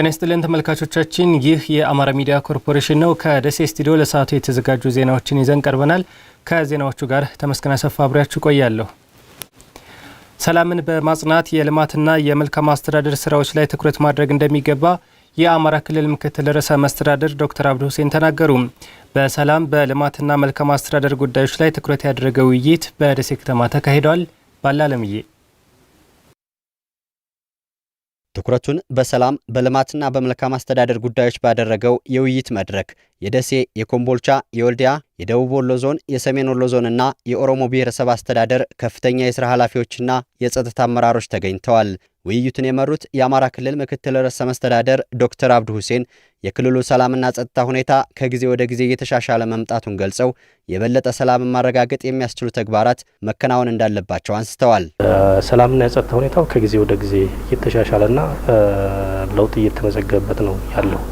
ጤና ይስጥልን ተመልካቾቻችን፣ ይህ የአማራ ሚዲያ ኮርፖሬሽን ነው። ከደሴ ስቱዲዮ ለሰዓቱ የተዘጋጁ ዜናዎችን ይዘን ቀርበናል። ከዜናዎቹ ጋር ተመስገን አሰፋ አብሬያችሁ ቆያለሁ። ሰላምን በማጽናት የልማትና የመልካም አስተዳደር ስራዎች ላይ ትኩረት ማድረግ እንደሚገባ የአማራ ክልል ምክትል ርዕሰ መስተዳደር ዶክተር አብዱ ሁሴን ተናገሩ። በሰላም በልማትና መልካም አስተዳደር ጉዳዮች ላይ ትኩረት ያደረገ ውይይት በደሴ ከተማ ተካሂዷል። ባላለምዬ ትኩረቱን በሰላም በልማትና በመልካም አስተዳደር ጉዳዮች ባደረገው የውይይት መድረክ የደሴ፣ የኮምቦልቻ፣ የወልዲያ፣ የደቡብ ወሎ ዞን፣ የሰሜን ወሎ ዞንና የኦሮሞ ብሔረሰብ አስተዳደር ከፍተኛ የስራ ኃላፊዎችና የጸጥታ አመራሮች ተገኝተዋል። ውይይቱን የመሩት የአማራ ክልል ምክትል ርዕሰ መስተዳደር ዶክተር አብዱ ሁሴን የክልሉ ሰላምና ጸጥታ ሁኔታ ከጊዜ ወደ ጊዜ እየተሻሻለ መምጣቱን ገልጸው የበለጠ ሰላምን ማረጋገጥ የሚያስችሉ ተግባራት መከናወን እንዳለባቸው አንስተዋል። ሰላምና የጸጥታ ሁኔታው ከጊዜ ወደ ጊዜ እየተሻሻለና ለውጥ እየተመዘገበበት ነው ያለው።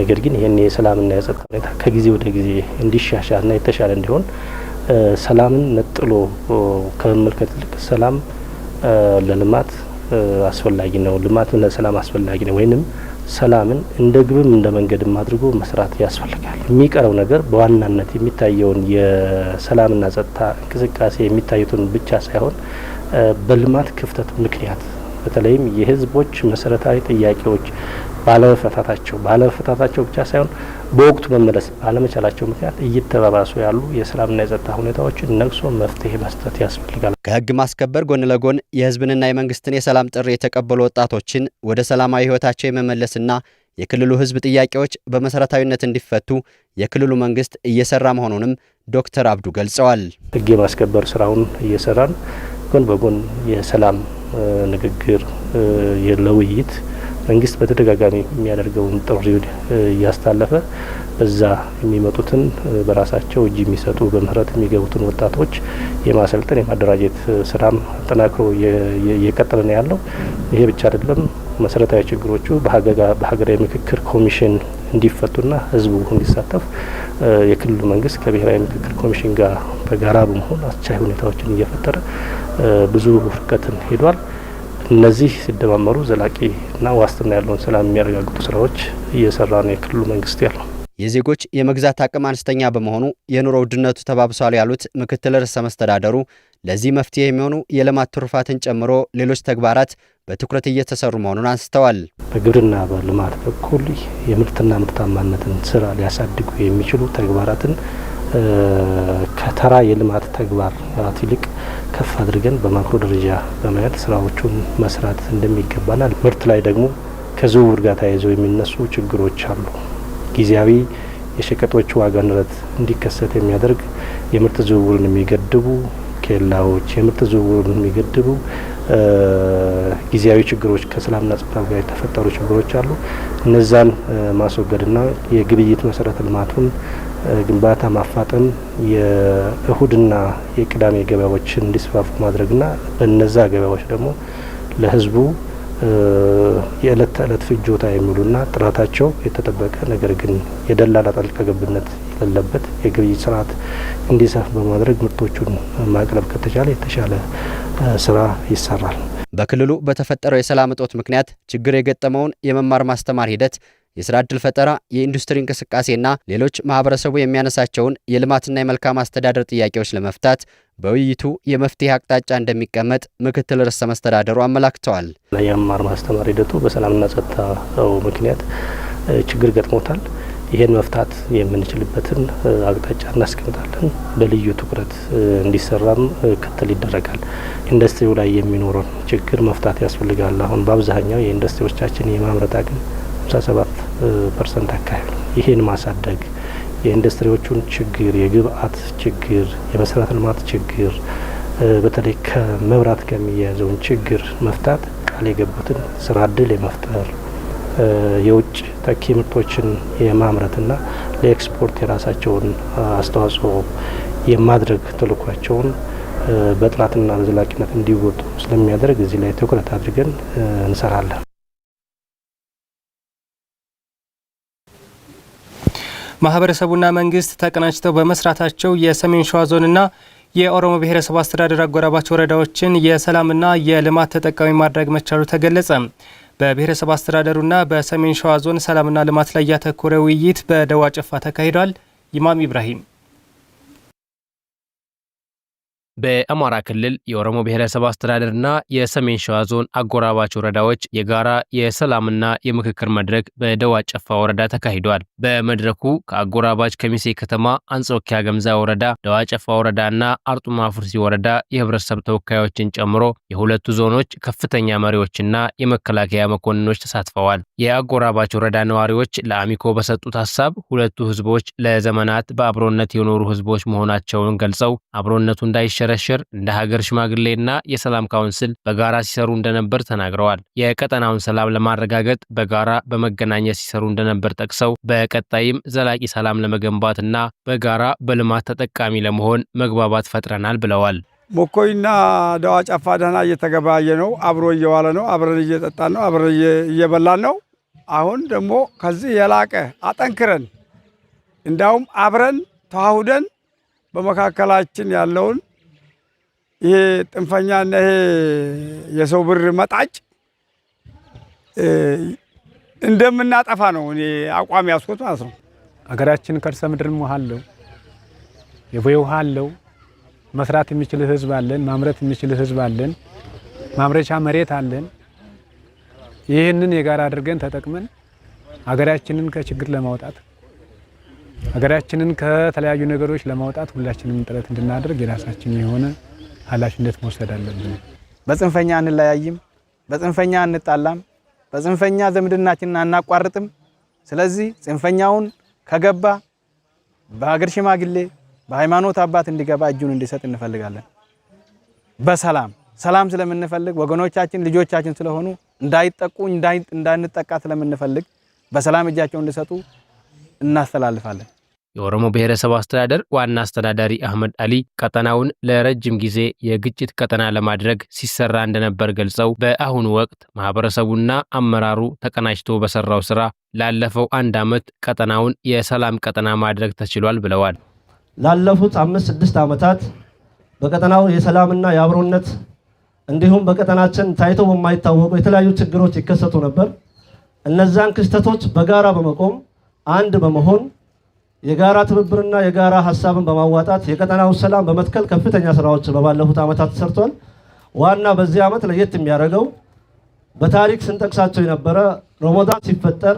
ነገር ግን ይህን የሰላምና የጸጥታ ሁኔታ ከጊዜ ወደ ጊዜ እንዲሻሻልና የተሻለ እንዲሆን ሰላምን ነጥሎ ከመመልከት ይልቅ ሰላም ለልማት አስፈላጊ ነው፣ ልማትም ለሰላም አስፈላጊ ነው፣ ወይንም ሰላምን እንደ ግብም እንደ መንገድም አድርጎ መስራት ያስፈልጋል። የሚቀረው ነገር በዋናነት የሚታየውን የሰላምና ጸጥታ እንቅስቃሴ የሚታዩትን ብቻ ሳይሆን በልማት ክፍተት ምክንያት በተለይም የህዝቦች መሰረታዊ ጥያቄዎች ባለመፈታታቸው ባለመፈታታቸው ብቻ ሳይሆን በወቅቱ መመለስ ባለመቻላቸው ምክንያት እየተባባሱ ያሉ የሰላምና የጸጥታ ሁኔታዎችን ነቅሶ መፍትሄ መስጠት ያስፈልጋል። ከህግ ማስከበር ጎን ለጎን የህዝብንና የመንግስትን የሰላም ጥሪ የተቀበሉ ወጣቶችን ወደ ሰላማዊ ህይወታቸው የመመለስና የክልሉ ህዝብ ጥያቄዎች በመሰረታዊነት እንዲፈቱ የክልሉ መንግስት እየሰራ መሆኑንም ዶክተር አብዱ ገልጸዋል። ህግ የማስከበር ስራውን እየሰራን ጎን በጎን የሰላም ንግግር ለውይይት መንግስት በተደጋጋሚ የሚያደርገውን ጥሪ እያስታለፈ በዛ የሚመጡትን በራሳቸው እጅ የሚሰጡ በምህረት የሚገቡትን ወጣቶች የማሰልጠን የማደራጀት ስራም አጠናክሮ እየቀጠለ ነው ያለው። ይሄ ብቻ አይደለም። መሰረታዊ ችግሮቹ በሀገራዊ ምክክር ኮሚሽን እንዲፈቱና ህዝቡ እንዲሳተፍ የክልሉ መንግስት ከብሔራዊ ምክክር ኮሚሽን ጋር በጋራ በመሆን አስቻይ ሁኔታዎችን እየፈጠረ ብዙ ርቀትን ሄዷል። እነዚህ ሲደማመሩ ዘላቂና ዋስትና ያለውን ሰላም የሚያረጋግጡ ስራዎች እየሰራ ነው የክልሉ መንግስት ያለው። የዜጎች የመግዛት አቅም አነስተኛ በመሆኑ የኑሮ ውድነቱ ተባብሷል ያሉት ምክትል ርዕሰ መስተዳደሩ ለዚህ መፍትሄ የሚሆኑ የልማት ትሩፋትን ጨምሮ ሌሎች ተግባራት በትኩረት እየተሰሩ መሆኑን አንስተዋል። በግብርና በልማት በኩል የምርትና ምርታማነትን ስራ ሊያሳድጉ የሚችሉ ተግባራትን ከተራ የልማት ተግባር ተግባራት ይልቅ ከፍ አድርገን በማክሮ ደረጃ በማየት ስራዎቹን መስራት እንደሚገባናል። ምርት ላይ ደግሞ ከዝውውር ጋር ተያይዘው የሚነሱ ችግሮች አሉ። ጊዜያዊ የሸቀጦች ዋጋ ንረት እንዲከሰት የሚያደርግ የምርት ዝውውርን የሚገድቡ ኬላዎች፣ የምርት ዝውውርን የሚገድቡ ጊዜያዊ ችግሮች ከሰላምና ጸጥታ ጋር የተፈጠሩ ችግሮች አሉ። እነዛን ማስወገድና የግብይት መሰረተ ልማቱን ግንባታ ማፋጠን የእሁድና የቅዳሜ ገበያዎችን እንዲስፋፉ ማድረግና በነዛ ገበያዎች ደግሞ ለህዝቡ የእለት ተእለት ፍጆታ የሚሉና ጥራታቸው የተጠበቀ ነገር ግን የደላላ ጣልቃ ገብነት የሌለበት የግብይት ስርዓት እንዲሰፍ በማድረግ ምርቶቹን ማቅረብ ከተቻለ የተሻለ ስራ ይሰራል። በክልሉ በተፈጠረው የሰላም እጦት ምክንያት ችግር የገጠመውን የመማር ማስተማር ሂደት የስራ ዕድል ፈጠራ፣ የኢንዱስትሪ እንቅስቃሴና ሌሎች ማህበረሰቡ የሚያነሳቸውን የልማትና የመልካም አስተዳደር ጥያቄዎች ለመፍታት በውይይቱ የመፍትሄ አቅጣጫ እንደሚቀመጥ ምክትል ርዕሰ መስተዳደሩ አመላክተዋል። የመማር ማስተማር ሂደቱ በሰላምና ጸጥታው ምክንያት ችግር ገጥሞታል። ይህን መፍታት የምንችልበትን አቅጣጫ እናስቀምጣለን። በልዩ ትኩረት እንዲሰራም ክትል ይደረጋል። ኢንዱስትሪው ላይ የሚኖረውን ችግር መፍታት ያስፈልጋል። አሁን በአብዛኛው የኢንዱስትሪዎቻችን የማምረት አቅም 67 ፐርሰንት አካባቢ ይሄን ማሳደግ የኢንዱስትሪዎቹን ችግር፣ የግብአት ችግር፣ የመሰረተ ልማት ችግር በተለይ ከመብራት ከሚያያዘውን ችግር መፍታት ቃል የገቡትን ስራ እድል የመፍጠር የውጭ ተኪ ምርቶችን የማምረትና ለኤክስፖርት የራሳቸውን አስተዋጽኦ የማድረግ ተልኳቸውን በጥራትና በዘላቂነት እንዲወጡ ስለሚያደርግ እዚህ ላይ ትኩረት አድርገን እንሰራለን። ማህበረሰቡና መንግስት ተቀናጅተው በመስራታቸው የሰሜን ሸዋ ዞንና የኦሮሞ ብሔረሰብ አስተዳደር አጎራባች ወረዳዎችን የሰላምና የልማት ተጠቃሚ ማድረግ መቻሉ ተገለጸ። በብሔረሰብ አስተዳደሩና በሰሜን ሸዋ ዞን ሰላምና ልማት ላይ ያተኮረ ውይይት በደዋ ጨፋ ተካሂዷል። ኢማም ኢብራሂም በአማራ ክልል የኦሮሞ ብሔረሰብ አስተዳደርና የሰሜን ሸዋ ዞን አጎራባች ወረዳዎች የጋራ የሰላምና የምክክር መድረክ በደዋ ጨፋ ወረዳ ተካሂዷል። በመድረኩ ከአጎራባች ከሚሴ ከተማ፣ አንጾኪያ ገምዛ ወረዳ፣ ደዋ ጨፋ ወረዳና አርጡማ ፉርሲ ወረዳ የህብረተሰብ ተወካዮችን ጨምሮ የሁለቱ ዞኖች ከፍተኛ መሪዎችና የመከላከያ መኮንኖች ተሳትፈዋል። የአጎራባች ወረዳ ነዋሪዎች ለአሚኮ በሰጡት ሀሳብ ሁለቱ ህዝቦች ለዘመናት በአብሮነት የኖሩ ህዝቦች መሆናቸውን ገልጸው አብሮነቱ እንዳይሸ ሲሸረሸር እንደ ሀገር ሽማግሌና የሰላም ካውንስል በጋራ ሲሰሩ እንደነበር ተናግረዋል። የቀጠናውን ሰላም ለማረጋገጥ በጋራ በመገናኘት ሲሰሩ እንደነበር ጠቅሰው በቀጣይም ዘላቂ ሰላም ለመገንባትና በጋራ በልማት ተጠቃሚ ለመሆን መግባባት ፈጥረናል ብለዋል። ሞኮይና ደዋ ጫፋ ደህና እየተገባየ ነው። አብሮ እየዋለ ነው። አብረን እየጠጣን ነው። አብረን እየበላን ነው። አሁን ደግሞ ከዚህ የላቀ አጠንክረን እንዳውም አብረን ተዋሁደን በመካከላችን ያለውን ይሄ ጥንፈኛና ይሄ የሰው ብር መጣጭ እንደምናጠፋ ነው እኔ አቋም ያስኩት ማለት ነው። አገራችን ከርሰ ምድርም ውሃ አለው፣ የቦይ ውሃ አለው። መስራት የሚችል ህዝብ አለን፣ ማምረት የሚችል ህዝብ አለን፣ ማምረቻ መሬት አለን። ይህንን የጋራ አድርገን ተጠቅመን አገራችንን ከችግር ለማውጣት አገራችንን ከተለያዩ ነገሮች ለማውጣት ሁላችንም ጥረት እንድናደርግ የራሳችን የሆነ ኃላፊነት መውሰድ አለብን። በጽንፈኛ አንለያይም፣ በጽንፈኛ አንጣላም፣ በጽንፈኛ ዘምድናችንን አናቋርጥም። ስለዚህ ጽንፈኛውን ከገባ በሀገር ሽማግሌ በሃይማኖት አባት እንዲገባ እጁን እንዲሰጥ እንፈልጋለን። በሰላም ሰላም ስለምንፈልግ ወገኖቻችን ልጆቻችን ስለሆኑ እንዳይጠቁ እንዳንጠቃ ስለምንፈልግ በሰላም እጃቸውን እንዲሰጡ እናስተላልፋለን። የኦሮሞ ብሔረሰብ አስተዳደር ዋና አስተዳዳሪ አህመድ አሊ ቀጠናውን ለረጅም ጊዜ የግጭት ቀጠና ለማድረግ ሲሰራ እንደነበር ገልጸው በአሁኑ ወቅት ማህበረሰቡና አመራሩ ተቀናጅቶ በሰራው ስራ ላለፈው አንድ ዓመት ቀጠናውን የሰላም ቀጠና ማድረግ ተችሏል ብለዋል። ላለፉት አምስት ስድስት ዓመታት በቀጠናው የሰላምና የአብሮነት እንዲሁም በቀጠናችን ታይቶ በማይታወቁ የተለያዩ ችግሮች ይከሰቱ ነበር። እነዛን ክስተቶች በጋራ በመቆም አንድ በመሆን የጋራ ትብብርና የጋራ ሀሳብን በማዋጣት የቀጠናውን ሰላም በመትከል ከፍተኛ ስራዎች በባለፉት ዓመታት ተሰርቷል። ዋና በዚህ ዓመት ለየት የሚያደርገው በታሪክ ስንጠቅሳቸው የነበረ ረመዳን ሲፈጠር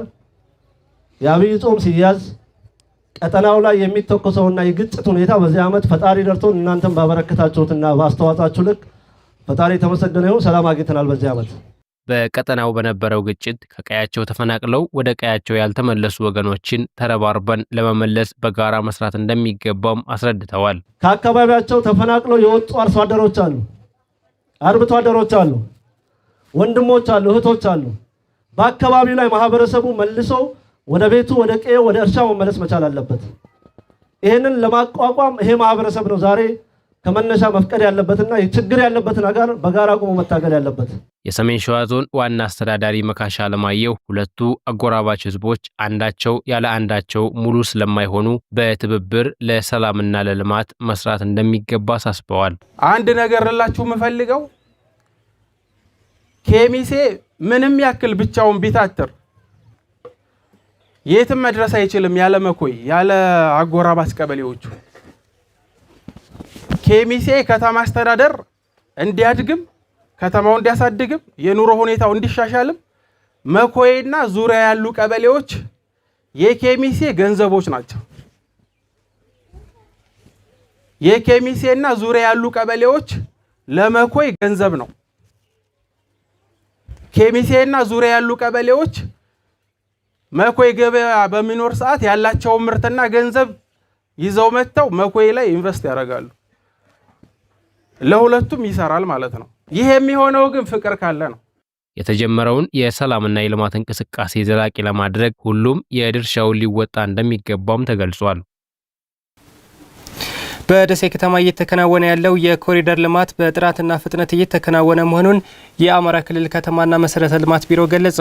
የአብይ ጾም ሲያዝ ቀጠናው ላይ የሚተኮሰውና የግጭት ሁኔታ በዚህ ዓመት ፈጣሪ ደርቶን እናንተም ባበረከታችሁትና በአስተዋጽኦአችሁ ልክ ፈጣሪ የተመሰገነ ይሁን። ሰላም አግኝተናል በዚህ ዓመት። በቀጠናው በነበረው ግጭት ከቀያቸው ተፈናቅለው ወደ ቀያቸው ያልተመለሱ ወገኖችን ተረባርበን ለመመለስ በጋራ መስራት እንደሚገባም አስረድተዋል። ከአካባቢያቸው ተፈናቅለው የወጡ አርሶ አደሮች አሉ፣ አርብቶ አደሮች አሉ፣ ወንድሞች አሉ፣ እህቶች አሉ። በአካባቢው ላይ ማህበረሰቡ መልሶ ወደ ቤቱ፣ ወደ ቀዬ፣ ወደ እርሻ መመለስ መቻል አለበት። ይህንን ለማቋቋም ይሄ ማህበረሰብ ነው ዛሬ ከመነሻ መፍቀድ ያለበትና ችግር ያለበትን አጋር በጋራ ቆሞ መታገል ያለበት። የሰሜን ሸዋ ዞን ዋና አስተዳዳሪ መካሻ አለማየሁ ሁለቱ አጎራባች ህዝቦች አንዳቸው ያለ አንዳቸው ሙሉ ስለማይሆኑ በትብብር ለሰላምና ለልማት መስራት እንደሚገባ አሳስበዋል። አንድ ነገር ላችሁ የምፈልገው ኬሚሴ ምንም ያክል ብቻውን ቢታትር የትም መድረስ አይችልም ያለ መኮይ ያለ አጎራባች ቀበሌዎቹ ከሚሴ ከተማ አስተዳደር እንዲያድግም ከተማው እንዲያሳድግም የኑሮ ሁኔታው እንዲሻሻልም መኮይና ዙሪያ ያሉ ቀበሌዎች የኬሚሴ ገንዘቦች ናቸው። የኬሚሴና ዙሪያ ያሉ ቀበሌዎች ለመኮይ ገንዘብ ነው። ኬሚሴና ዙሪያ ያሉ ቀበሌዎች መኮይ ገበያ በሚኖር ሰዓት ያላቸውን ምርትና ገንዘብ ይዘው መጥተው መኮይ ላይ ኢንቨስት ያደርጋሉ። ለሁለቱም ይሰራል ማለት ነው። ይህ የሚሆነው ግን ፍቅር ካለ ነው። የተጀመረውን የሰላምና የልማት እንቅስቃሴ ዘላቂ ለማድረግ ሁሉም የድርሻውን ሊወጣ እንደሚገባም ተገልጿል። በደሴ ከተማ እየተከናወነ ያለው የኮሪደር ልማት በጥራትና ፍጥነት እየተከናወነ መሆኑን የአማራ ክልል ከተማና መሰረተ ልማት ቢሮ ገለጸ።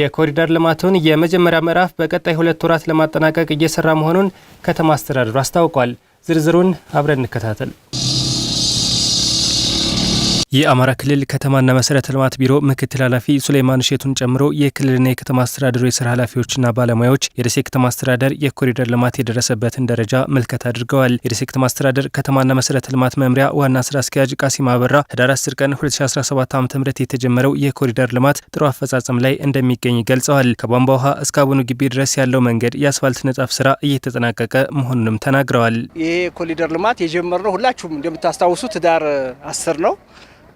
የኮሪደር ልማቱን የመጀመሪያ ምዕራፍ በቀጣይ ሁለት ወራት ለማጠናቀቅ እየሰራ መሆኑን ከተማ አስተዳደሩ አስታውቋል። ዝርዝሩን አብረን እንከታተል። የአማራ ክልል ከተማና መሰረተ ልማት ቢሮ ምክትል ኃላፊ ሱሌማን ሼቱን ጨምሮ የክልልና የከተማ አስተዳደሩ የስራ ኃላፊዎችና ባለሙያዎች የደሴ ከተማ አስተዳደር የኮሪደር ልማት የደረሰበትን ደረጃ ምልከታ አድርገዋል። የደሴ ከተማ አስተዳደር ከተማና መሰረተ ልማት መምሪያ ዋና ስራ አስኪያጅ ቃሲም አበራ ህዳር 10 ቀን 2017 ዓ ም የተጀመረው የኮሪደር ልማት ጥሩ አፈጻጸም ላይ እንደሚገኝ ገልጸዋል። ከቧንቧ ውሃ እስከ አቡኑ ግቢ ድረስ ያለው መንገድ የአስፋልት ንጣፍ ስራ እየተጠናቀቀ መሆኑንም ተናግረዋል። ይሄ የኮሪደር ልማት የጀመርነው ሁላችሁም እንደምታስታውሱት ህዳር 10 ነው።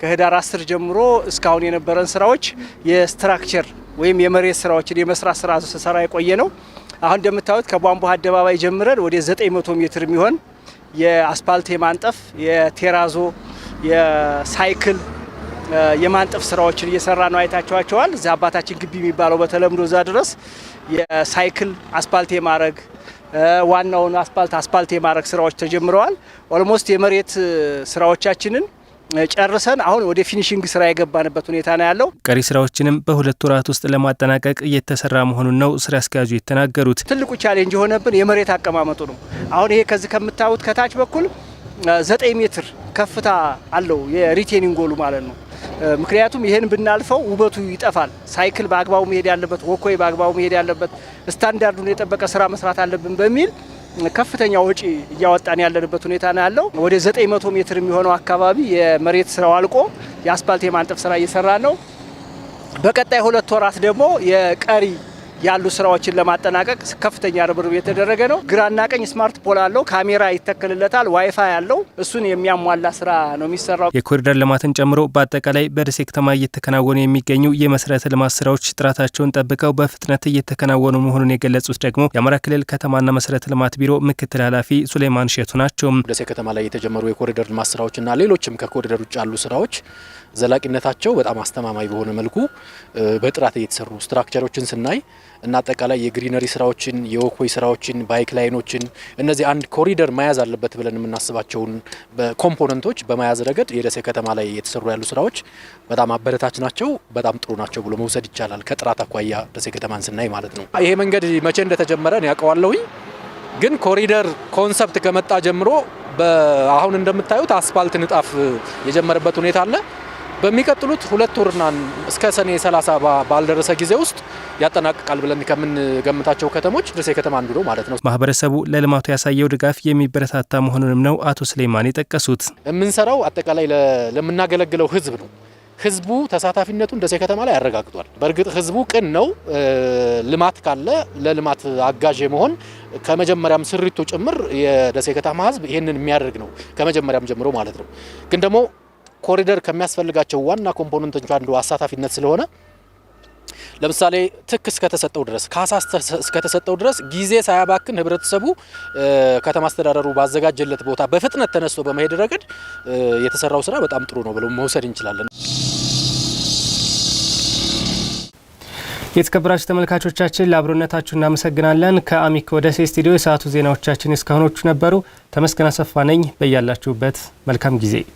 ከህዳር አስር ጀምሮ እስካሁን የነበረን ስራዎች የስትራክቸር ወይም የመሬት ስራዎችን የመስራት ስራ ስሰራ የቆየ ነው። አሁን እንደምታዩት ከቧንቧ አደባባይ ጀምረን ወደ 900 ሜትር የሚሆን የአስፓልት የማንጠፍ የቴራዞ የሳይክል የማንጠፍ ስራዎችን እየሰራ ነው። አይታችኋቸዋል። እዚ አባታችን ግቢ የሚባለው በተለምዶ እዛ ድረስ የሳይክል አስፓልት የማድረግ ዋናውን አስፓልት አስፓልት የማድረግ ስራዎች ተጀምረዋል። ኦልሞስት የመሬት ስራዎቻችንን ጨርሰን አሁን ወደ ፊኒሽንግ ስራ የገባንበት ሁኔታ ነው ያለው። ቀሪ ስራዎችንም በሁለት ወራት ውስጥ ለማጠናቀቅ እየተሰራ መሆኑን ነው ስራ አስኪያጁ የተናገሩት። ትልቁ ቻሌንጅ የሆነብን የመሬት አቀማመጡ ነው። አሁን ይሄ ከዚህ ከምታዩት ከታች በኩል ዘጠኝ ሜትር ከፍታ አለው የሪቴኒንግ ጎሉ ማለት ነው። ምክንያቱም ይህን ብናልፈው ውበቱ ይጠፋል። ሳይክል በአግባቡ መሄድ ያለበት፣ ወኮይ በአግባቡ መሄድ ያለበት፣ ስታንዳርዱን የጠበቀ ስራ መስራት አለብን በሚል ከፍተኛ ወጪ እያወጣን ያለንበት ሁኔታ ነው ያለው። ወደ 900 ሜትር የሚሆነው አካባቢ የመሬት ስራው አልቆ የአስፓልት የማንጠፍ ስራ እየሰራ ነው። በቀጣይ ሁለት ወራት ደግሞ የቀሪ ያሉ ስራዎችን ለማጠናቀቅ ከፍተኛ ርብርብ የተደረገ ነው። ግራና ቀኝ ስማርት ፖል አለው፣ ካሜራ ይተከልለታል፣ ዋይፋይ ያለው እሱን የሚያሟላ ስራ ነው የሚሰራው። የኮሪደር ልማትን ጨምሮ በአጠቃላይ በደሴ ከተማ እየተከናወኑ የሚገኙ የመሰረተ ልማት ስራዎች ጥራታቸውን ጠብቀው በፍጥነት እየተከናወኑ መሆኑን የገለጹት ደግሞ የአማራ ክልል ከተማና መሰረተ ልማት ቢሮ ምክትል ኃላፊ ሱሌማን ሼቱ ናቸው። ደሴ ከተማ ላይ የተጀመሩ የኮሪደር ልማት ስራዎችና ሌሎችም ከኮሪደር ውጭ ያሉ ስራዎች ዘላቂነታቸው በጣም አስተማማኝ በሆነ መልኩ በጥራት እየተሰሩ ስትራክቸሮችን ስናይ እና አጠቃላይ የግሪነሪ ስራዎችን፣ የወኮይ ስራዎችን፣ ባይክ ላይኖችን እነዚህ አንድ ኮሪደር መያዝ አለበት ብለን የምናስባቸውን ኮምፖነንቶች በመያዝ ረገድ የደሴ ከተማ ላይ የተሰሩ ያሉ ስራዎች በጣም አበረታች ናቸው፣ በጣም ጥሩ ናቸው ብሎ መውሰድ ይቻላል። ከጥራት አኳያ ደሴ ከተማን ስናይ ማለት ነው። ይሄ መንገድ መቼ እንደተጀመረ ያውቀዋለሁኝ ግን ኮሪደር ኮንሰፕት ከመጣ ጀምሮ አሁን እንደምታዩት አስፋልት ንጣፍ የጀመረበት ሁኔታ አለ። በሚቀጥሉት ሁለት ወርና እስከ ሰኔ 30 ባልደረሰ ጊዜ ውስጥ ያጠናቅቃል ብለን ከምንገምታቸው ከተሞች ደሴ ከተማ አንዱ ነው ማለት ነው። ማህበረሰቡ ለልማቱ ያሳየው ድጋፍ የሚበረታታ መሆኑንም ነው አቶ ስሌማን የጠቀሱት። የምንሰራው አጠቃላይ ለምናገለግለው ህዝብ ነው። ህዝቡ ተሳታፊነቱን ደሴ ከተማ ላይ ያረጋግጧል። በእርግጥ ህዝቡ ቅን ነው። ልማት ካለ ለልማት አጋዥ መሆን ከመጀመሪያም ስሪቱ ጭምር የደሴ ከተማ ህዝብ ይህንን የሚያደርግ ነው ከመጀመሪያም ጀምሮ ማለት ነው። ግን ደግሞ ኮሪደር ከሚያስፈልጋቸው ዋና ኮምፖነንቶች አንዱ አሳታፊነት ስለሆነ ለምሳሌ ትክ እስከተሰጠው ድረስ ካሳ እስከተሰጠው ድረስ ጊዜ ሳያባክን ህብረተሰቡ ከተማ አስተዳደሩ ባዘጋጀለት ቦታ በፍጥነት ተነስቶ በመሄድ ረገድ የተሰራው ስራ በጣም ጥሩ ነው ብሎ መውሰድ እንችላለን። የተከበራችሁ ተመልካቾቻችን ለአብሮነታችሁ እናመሰግናለን። ከአሚኮ ወደሴ ስቱዲዮ የሰዓቱ ዜናዎቻችን እስካሁኖቹ ነበሩ። ተመስገን አሰፋ ነኝ። በያላችሁበት መልካም ጊዜ